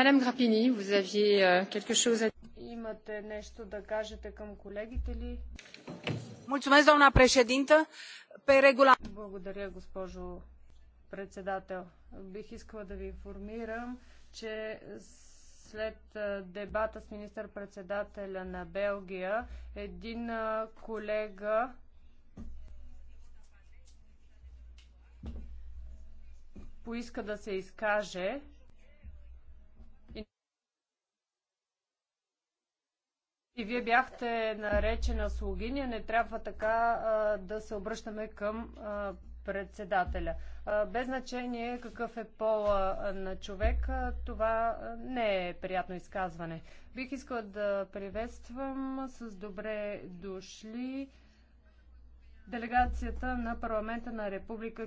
Мадам Грапини, vous aviez euh, quelque chose à... Имате нещо да кажете към колегите ли? Mulțumesc, doamna președintă. Pe regula... Благодаря, госпожо председател. Бих искала да ви информирам, че след дебата с министър-председателя на Белгия, един колега поиска да се изкаже И вие бяхте наречена слугиня, не трябва така а, да се обръщаме към а, председателя. А, без значение какъв е пола на човек, а, това не е приятно изказване. Бих искала да приветствам с добре дошли делегацията на парламента на Република